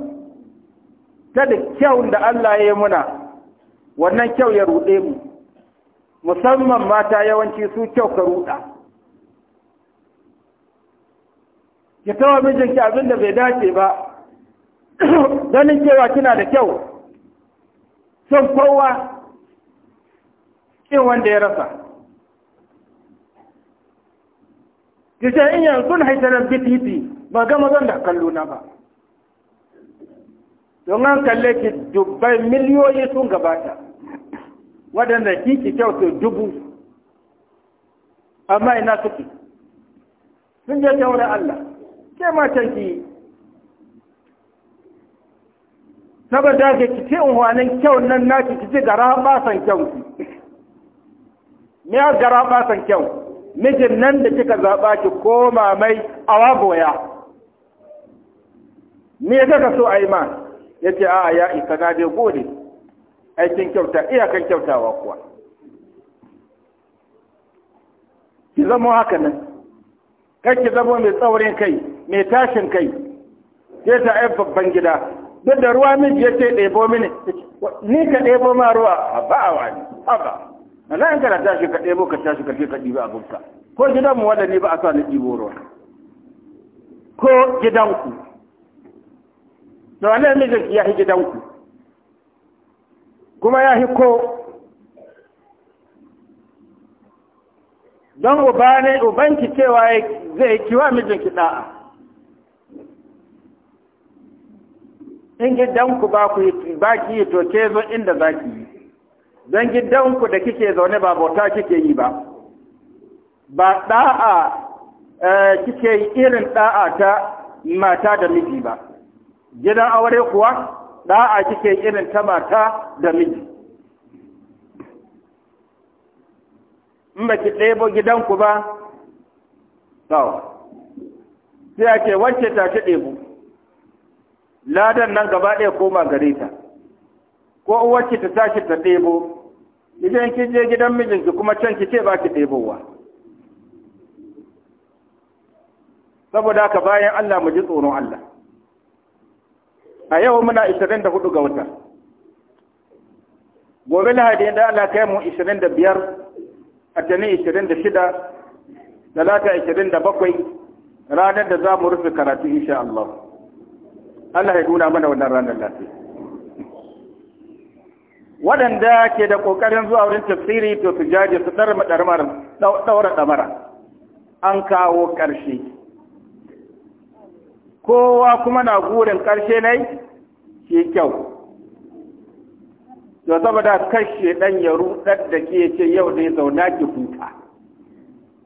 ta da kyau da Allah ya yi muna wannan kyau ya ruɗe mu musamman mata yawanci su kyau ka ruɗa ki kawo mijinki abin da bai dace ba ganin cewa kina da kyau son kowa kin wanda ya rasa ki ce in yanzu na nan bititi ba gama zan da kallo na ba don an kalle ki dubbai miliyoyi sun gabata waɗanda kiki ki kyau dubu amma ina suke sun je kyau da Allah ke matan ki saboda ke ki ce unhwanin kyau nan naki ki ji gara ba san kyau me ya gara ba san kyau mijin nan da kika zaba ki koma mai awa boya me ya kaka so a yi ma ya ce a'a ya isa na dai gode aikin kyauta iyakan kyautawa kuwa ki zama haka nan kai ki zama mai tsaurin kai mai tashin kai sai ta ai babban gida duk da ruwa miji ya ce ɗebo mini ni ka ɗebo ma ruwa a ba a wani ba na ka kana tashi ka ɗebo ka tashi ka je ka ɗibi abinka ko gidan mu wanda ni ba a sa ni ɗibo ruwa ko gidanku da wannan mijin ya yi gidanku kuma ya yi ko don uba ne ubanki cewa zai kiwa mijinki da'a in gidanku ba ku ba ki yi to ke zo inda za ki yi don gidanku da kike zaune ba bauta kike yi ba ba ɗa'a eh, kike yi irin da'a ta mata da miji ba gidan aure kuwa ɗa'a kike irin ta mata da miji in ba ki ɗebo gidanku ba sai ake wacce ta ki ɗebo ladan nan gaba ɗaya koma gare ta ko uwarki ta tashi ta ɗebo idan kin je gidan mijinki kuma can ki ce ba ki ɗebowa saboda haka bayan Allah mu ji tsoron Allah a yau muna 24 ga wata gobe lahadi da Allah kai mu 25 atani 26 talata 27 ranar da za mu rufe karatu insha Allah Allah ya nuna mana wannan ranar lafi. waɗanda ke da ƙoƙarin zuwa wurin tafsiri to su jaje su ɗaura ɗamara an kawo ƙarshe kowa kuma na gurin ƙarshe ne ke kyau to saboda kashe ɗan ya ruɗar da ke ce yau ne zauna ki huta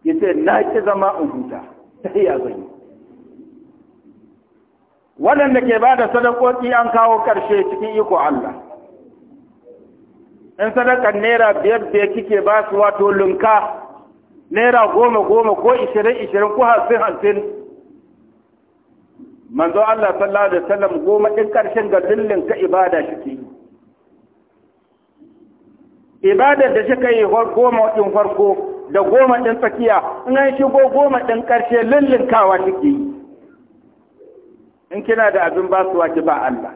ya ce na ki zama in huta sai ya zai waɗanda ke ba da sadakoki an kawo ƙarshe cikin iko Allah in sadakar naira biyar biyar kike ba su wato lunka naira goma goma ko ishirin ishirin ko hamsin hamsin manzo Allah sallallahu alaihi wasallam goma ɗin ƙarshen ga dillin ka ibada shi ibadar da shi yi goma ɗin farko da goma ɗin tsakiya in an shigo goma ɗin ƙarshe lullunkawa shi ke yi in kina da abin basuwa ki ba Allah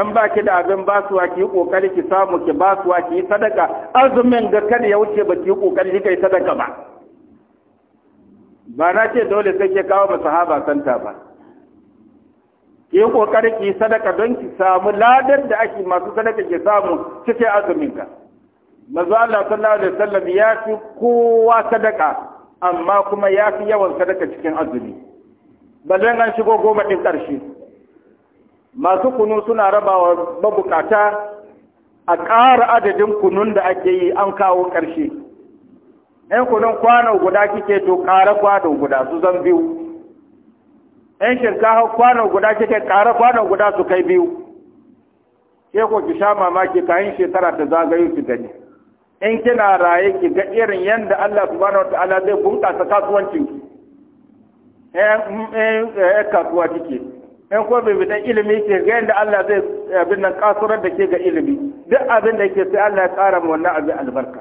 in ba ki da abin basuwa ki yi kokari ki samu ki basuwa ki yi sadaka azumin ga kada ya wuce ba ki yi kokari ki yi sadaka ba ba na ce dole sai ke kawo masahaba santa ba ki yi kokari ki yi sadaka don ki samu ladan da ake masu sadaka ke samu cike azumin ka manzo Allah sallallahu alaihi wasallam ya fi kowa sadaka amma kuma ya fi yawan sadaka cikin azumi bazan an shigo goma ɗin ƙarshe masu kunu suna rabawa mabukata a ƙara adadin kunun da ake yi an kawo ƙarshe in kunun kwano guda kike to ƙara kwano guda su zan biyu in shinkafa kwano guda kike ƙara kwano guda su kai biyu ke ko ki sha mamaki kayan shekara ta zagayo ki gani in kina raye ki ga irin yadda Allah subhanahu ta'ala zai bunƙasa kasuwancin ɗayan eh, eh, eh, kasuwa kike ɗan ko bai bidan ilimi ke ga yadda Allah zai abin nan da ke ga ilimi duk abin da sai Allah ya kara mu wannan abin albarka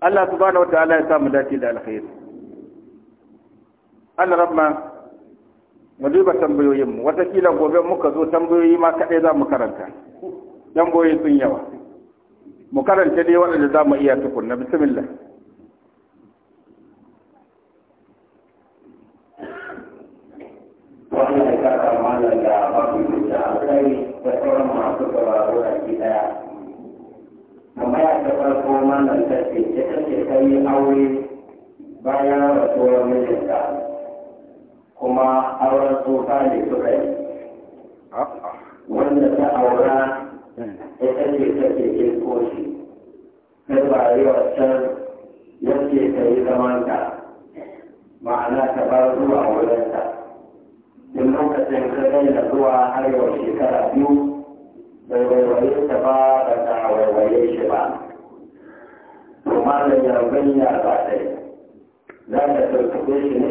Allah subhanahu wa ta'ala samu dace da alkhairi Allah rabba mu duba tambayoyin watakila gobe muka zo tambayoyi ma kaɗai za mu karanta goyi sun yawa mu karanta dai waɗanda za mu iya tukunna bismillah zuwa ga mafifinta alkhairi da sauran masu sauraro a ke daya. Tambaya ta farko wannan ta ce, ita ta yi aure bayan rasuwar mijinta, kuma auren tsofa ne suka yi. Wanda ta aura hmm. ita ce ta ke kirko shi, ta ba yi wacan yadda ta yi zamanta, ma'ana ta bar zuwa wurin duk lokacin ta daina zuwa har yau shekara biyu bai waiwaye ta ba ba ta waiwaye shi ba to malam ya ganya ba dai za ta tattaɓe shi ne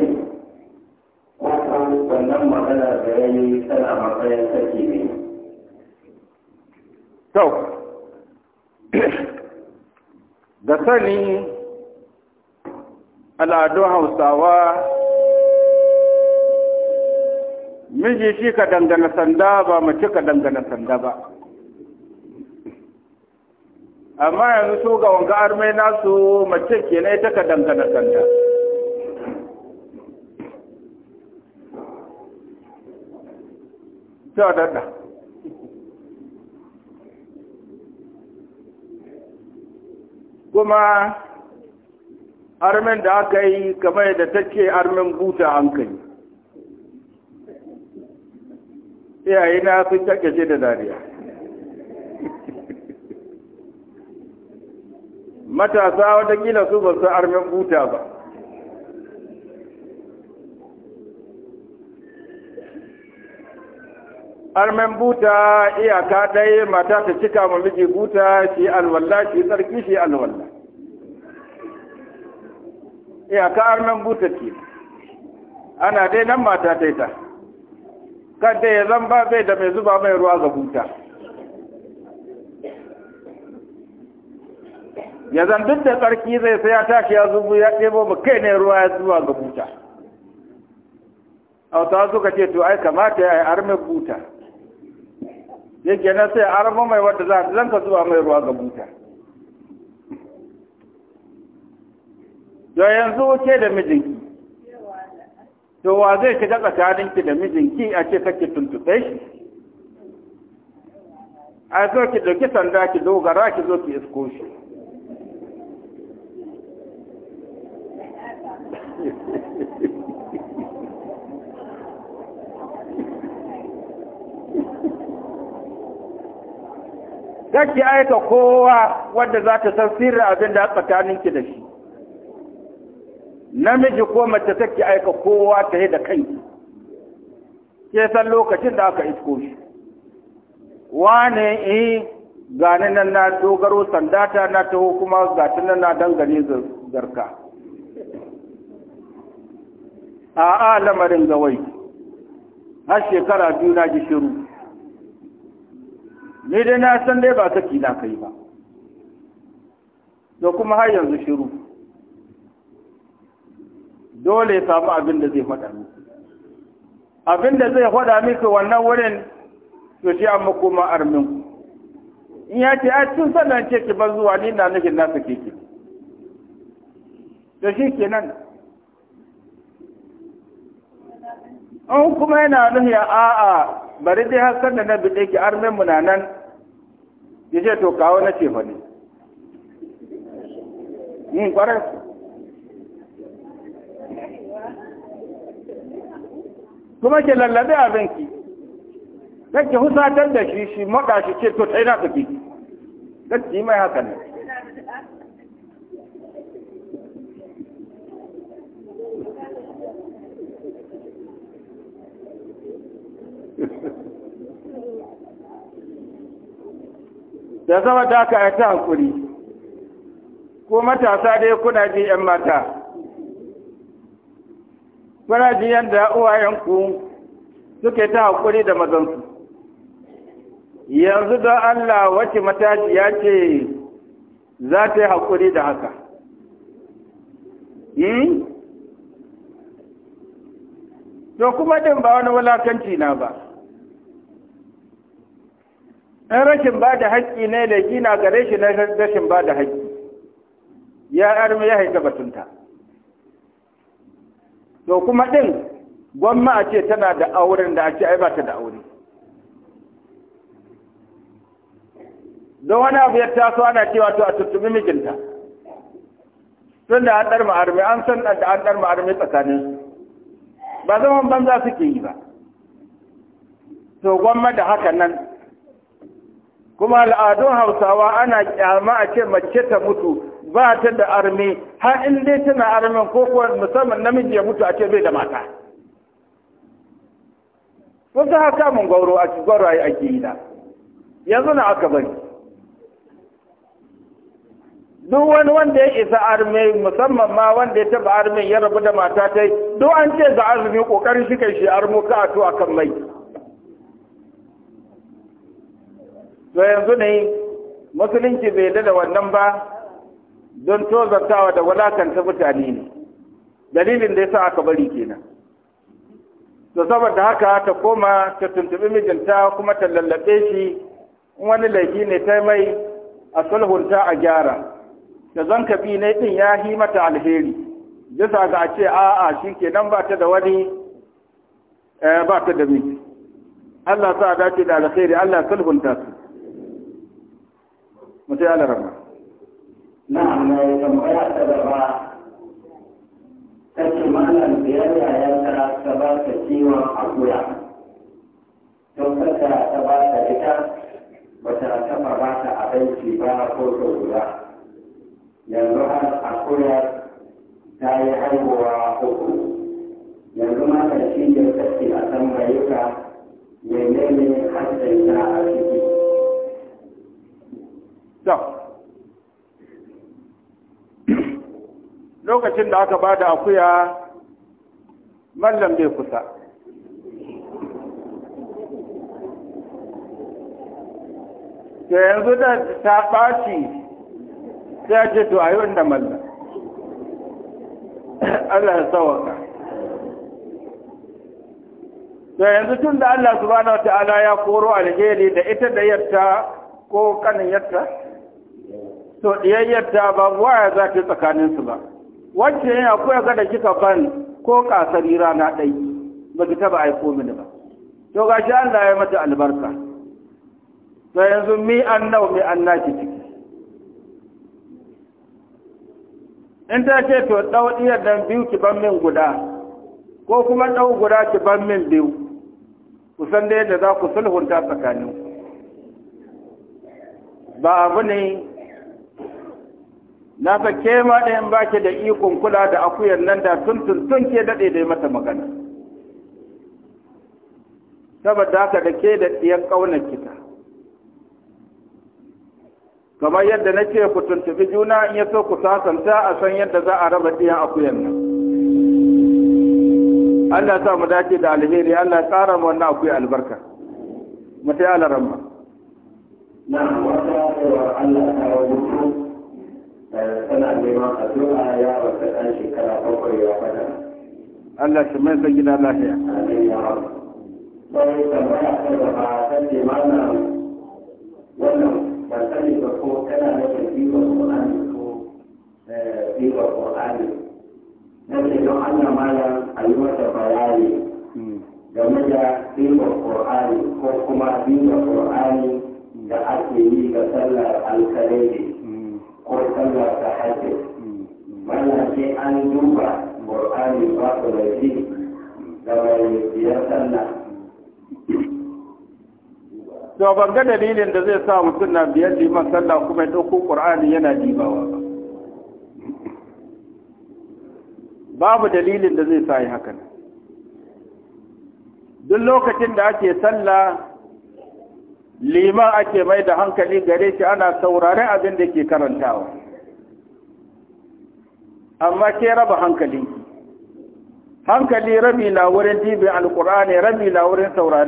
ko ko wannan magana da ya yi tana matsayin sarki ne to da sani al'adun hausawa miji shi ka dangana sanda ba mace ka dangana sanda ba amma yanzu su ga wanga armai nasu mace ke na ita ka dangana sanda ta dada kuma armin da aka yi kamar da take armin buta an kai iyaye na sun shi da dariya matasa watakila su ba su armen buta ba armen buta iyaka ɗaya mata ta cika ma miji buta shi alwallah shi tsarki shi alwallah iyaka armen buta ki. ana dai nan mata ta yi ta kada ya zan ba bai da mai zuba mai ruwa ga buta ya zan duk da tsarki zai sai ya tashi ya zubu ya ɗebo ba kai ne ruwa ya zuwa ga buta a wata suka ce to ai kamata ya yi armin buta yake na sai armin mai wadda za a zanka zuwa mai ruwa ga buta da yanzu ke da mijinki to wa zai shiga tsakaninki da mijinki a ce kake tuntuɓe shi a zo ki ɗauki sanda ki dogara ki zo ki isko shi Zaki aika kowa wadda za ta san sirri abin da tsakaninki da shi. namiji ko mace take aika kowa ta yi da kanki. ke san lokacin da aka isko shi wane eh gani nan na dogaro sandata na taho kuma ga nan na dangane zarka a a lamarin gawai har shekara biyu na ji shiru ni dai na san dai ba saki na kai ba da kuma har yanzu shiru dole ya samu abin da zai faɗa miki abin da zai faɗa miki wannan wurin to shi an makoma armin in ya ce ai tun sannan ce ki ban zuwa ni na nufin nasa sake ki to shi kenan an kuma yana nuhi a'a bari dai har sannan na biɗe ki armin mu na nan ya ce to kawo na ce fa ne. Yin hmm, kwarar kuma ke lallabe ki kake husatar da shi shi maɗa shi ce to tsaye na tsaki kake mai haka ne da zama ta ka ta hankuri ko matasa dai kuna ji 'yan mata kuna ji yadda uwayenku suke ta haƙuri da mazansu yanzu don Allah wace ya ce za ta yi haƙuri da haka hmm? to kuma din ba wani wulakanci na ba Ɗan rashin ba da haƙƙi ne da gina gare shi na rashin ba da haƙƙi ya armi ya haika batunta. to kuma ɗin gwamma a ce tana da auren da ake ce ai ba da aure don wani abu ya taso ana cewa to a tuttubi mijinta tun da an ɗar ma'armi an san da an ɗar ma'armi tsakanin ba zaman banza suke yi ba to gwamma da haka nan kuma al'adun hausawa ana kyama a ce mace ta mutu ba ta da arme har in dai tana armen ko kuwa musamman namiji ya mutu a ce bai da mata kun ta haka mun gauro a gauro ai ake yi da yanzu na aka bari duk wani wanda ya isa arme musamman ma wanda ya taba arme ya rabu da mata ta duk an ce ga azumi kokarin shi kai shi armo ka a to akan mai to yanzu ne musulunci bai da wannan ba don tozartawa da walakanta mutane ne dalilin da ya sa aka bari kenan to saboda haka ta koma ta tuntubi mijinta kuma ta lallabe shi wani laifi ne ta mai a sulhunta a gyara da zan kabi ne din ya yi mata alheri bisa ga a ce a'a shi kenan ba ta da wani eh, ba ta da miji Allah sa dace da alheri Allah sulhunta su mutai Allah na'am na yi tambaya ta gaba ta ce malam biyar yayanka ta ba ta kiwon akuya don kanta ta ba ta ita ba ta taɓa ba ta abinci ba ko ta guda yanzu har akuya ta yi haihuwa uku yanzu ma ta shi ne ta ce a san mayuka menene hatsari a ciki. lokacin da aka bada akuya mallam bai kusa da yanzu da ta ɓaci sai a ce to a yi wanda mallam Allah ya sawaka da yanzu tun da Allah wata ala ya koro alheri da ita da yarta ko kanin yarta to ɗiyayyarta ba waya za ta tsakaninsu ba wacce yana koya ga da kika fan ko yi rana ɗai ba ki taɓa aiko mini ba to ga shi Allah ya mata albarka to yanzu mi an nau mi an naki ciki in ta ce to ɗau ɗiyar biyu ki ban min guda ko kuma ɗau guda ki ban min biyu ku san da yadda za ku sulhunta tsakaninku ba abu ne na ta ke ma da in ke da ikon kula da akuyar nan da tun tun tun ke daɗe da mata magana saboda haka da ke da tiyan ƙaunar kita kamar yadda na ce ku tuntubi juna in ya so ku sasanta a san yadda za a raba ɗiyan akuyar nan Allah sa mu dace da alheri Allah ya tsara mu wannan akuyar albarka mu ta yi alaramma. Na wata Allah ta wani tana neman addu'a ya wata ɗan shekara bakwai ya fada. Allah shi mai san gida lafiya. Amin ya rabu. Sai tambaya ta gaba ta ce mana wannan ba sani ba ko tana nufin biwar Qur'ani ko eh, biwar Qur'ani. Na ce don Allah malam a yi mata bayani hmm. game da biwar Qur'ani ko kuma biwar Qur'ani da ake yi ga sallar alkalai ko sallah ta hajji wannan sai an duba qur'ani ba ku da shi da bai biyar sallah to ban ga dalilin da zai sa mutum na biyar liman sallah kuma ya ɗauko qur'ani yana dibawa ba babu dalilin da zai sa yi hakan duk lokacin da ake sallah liman ake mai da hankali gare shi ana sauraren abin da ke karantawa amma ke raba hankali hankali rabi na wurin dibin alkur'ani rabi na wurin saurari